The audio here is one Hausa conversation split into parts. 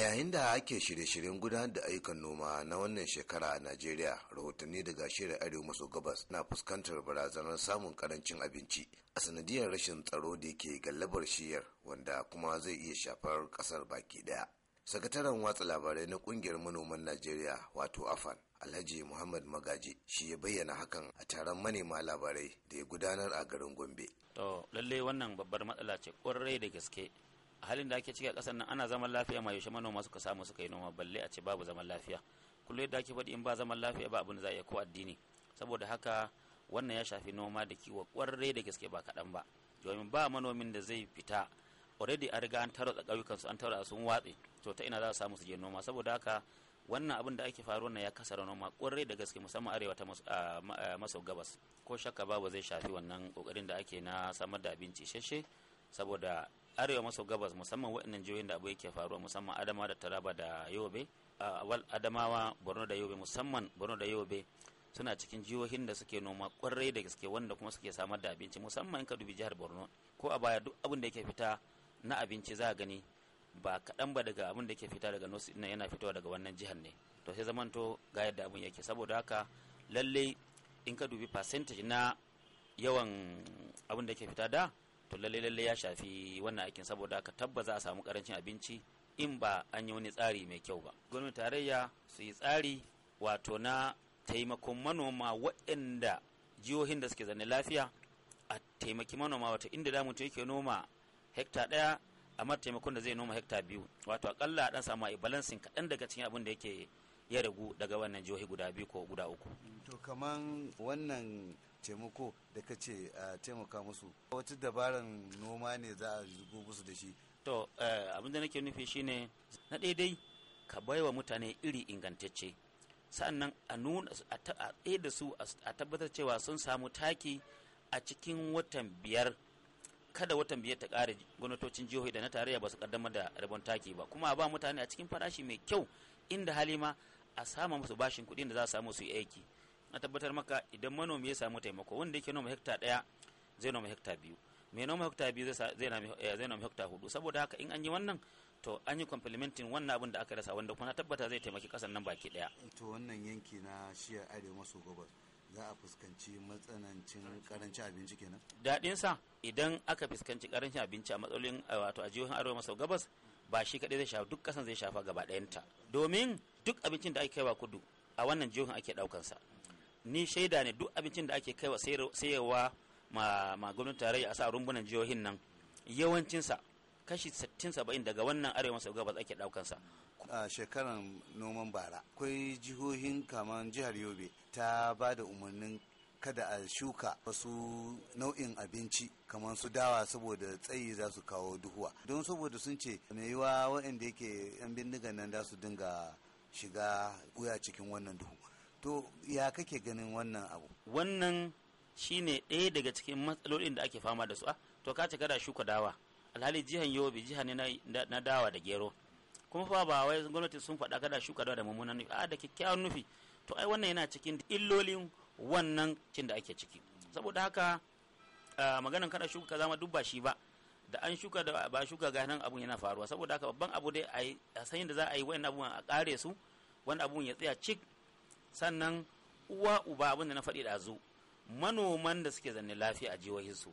a yayin da ake shirye-shiryen gudanar da ayyukan noma na wannan shekara a najeriya rahotanni daga shirin arewa maso gabas na fuskantar barazanar samun karancin abinci a sanadiyar rashin tsaro da ke gallabar shiyar wanda kuma zai iya shafar kasar baki daya sakataren watsa labarai na kungiyar manoman najeriya wato afan alhaji muhammad magaji shi ya bayyana hakan a taron manema labarai da ya gudanar a garin gombe to lalle wannan babbar matsala ce kwarai da gaske a halin da ake cika a ƙasar nan ana zaman lafiya ma yaushe manoma suka samu suka yi noma balle a ce babu zaman lafiya kullum yadda ake faɗi in ba zaman lafiya ba abin da za a iya ko addini saboda haka wannan ya shafi noma da kiwo ƙwarre da gaske ba kaɗan ba domin ba manomin da zai fita already a riga an tarwatsa ƙauyukansu an tarwatsa sun watse to ta ina za su samu su je noma saboda haka wannan abin da ake faruwa na ya kasara noma kwarai da gaske musamman arewa ta ah, maso gabas ko shakka babu zai shafi wannan kokarin da ake na samar da abinci sheshe saboda arewa maso gabas musamman waɗannan jihohin da abu yake faruwa musamman adamawa da taraba da yobe adamawa borno da yobe musamman borno da yobe suna cikin jihohin da suke noma kwarai da gaske wanda kuma suke samar da abinci musamman in ka dubi jihar borno ko a baya duk abin da yake fita na abinci za a gani ba kaɗan ba daga abin da yake fita daga nosi ina yana fitowa daga wannan jihar ne to sai zamanto ga yadda abin yake saboda haka lallai in ka dubi percentage na yawan abin da yake fita da to lalle lalle ya shafi wannan aikin saboda ka tabba za a samu karancin abinci in ba an yi wani tsari mai kyau ba gwamnatin tarayya su yi tsari wato na taimakon manoma waɗanda jihohin da suke zane lafiya a taimaki manoma wato inda da mutum yake noma hekta ɗaya amma taimakon da zai noma hekta biyu wato akalla a ɗan samu a balansin kaɗan daga cikin abin da yake ya ragu daga wannan jihohi guda biyu ko guda uku. To kaman wannan taimako da ka ce a taimaka musu wata dabaran noma ne za a zugo musu da shi to abin da nake nufi shine na daidai ka baiwa mutane iri ingantacce sannan a nuna a da su a tabbatar cewa sun samu taki a cikin watan biyar kada watan biyar ta ƙara gwamnatocin jihohi da na tarayya ba su kaddamar da rabon taki ba kuma a ba mutane a cikin farashi mai kyau inda halima a sama musu bashin kuɗin da za su samu su yi aiki na tabbatar maka idan manomi ya samu taimako wanda yake noma hekta ɗaya zai noma hekta biyu mai noma hekta biyu zai eh, noma hekta hudu saboda haka in an yi wannan to an yi complimentin wannan abin da aka rasa wanda kuma tabbata zai taimaki kasan nan baki daya to wannan yanki na shiyar arewa maso gabas za a fuskanci matsanancin karancin abinci kenan daɗin sa idan aka fuskanci karancin abinci a matsalolin wato a jihohin arewa maso gabas ba shi kaɗai zai shafa duk kasan zai shafa gaba ɗayanta domin duk abincin da ake kaiwa kudu a wannan jihohin ake ɗaukansa ni shaida ne duk abincin da ake kaiwa sayarwa ma, ma gwamnatin tarayya a sa rumbunan jihohin nan yawancinsa kashi 60-70 daga wannan arewa maso gabas ake daukansa. a shekarar noman bara akwai jihohin kamar jihar yobe ta ba da umarnin kada a shuka wasu nau'in abinci kamar su dawa saboda tsayi za su kawo duhuwa don saboda sun ce mai yiwa waɗanda yake yan bindigan nan za su dinga shiga wuya cikin wannan duhu to ya kake ganin wannan abu wannan shine ɗaya daga cikin matsalolin da ake fama da su a ah, to ka kada shuka dawa alhali jihan yobe jiha ne na dawa da gero kuma fa ba wai gwamnati sun faɗa kada shuka dawa da mummunan nufi a ah, da kyakkyawan nufi to ai wannan yana cikin illolin wannan cin da ake ciki saboda haka maganan kada shuka kaza duk ba shi ba da an shuka da ba shuka ga nan abun yana faruwa saboda haka babban abu dai a san da za a yi wayan abun a kare su wani abun ya tsaya cik sannan uwa uba abin da na faɗi da azu manoman da suke zanne lafiya a jihohinsu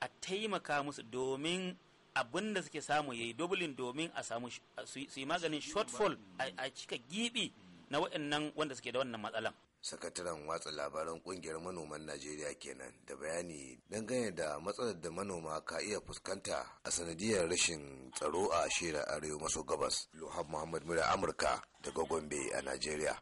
a taimaka musu domin abin da suke samu ya yi dublin domin a samu su yi maganin shortfall a cika gibi na waɗannan wanda suke da wannan matsalan sakataren watsa labaran kungiyar manoman najeriya kenan da bayani dangane da matsalar da manoma ka iya fuskanta a sanadiyar rashin tsaro a shira arewa maso gabas luhab muhammad mura amurka daga gombe a najeriya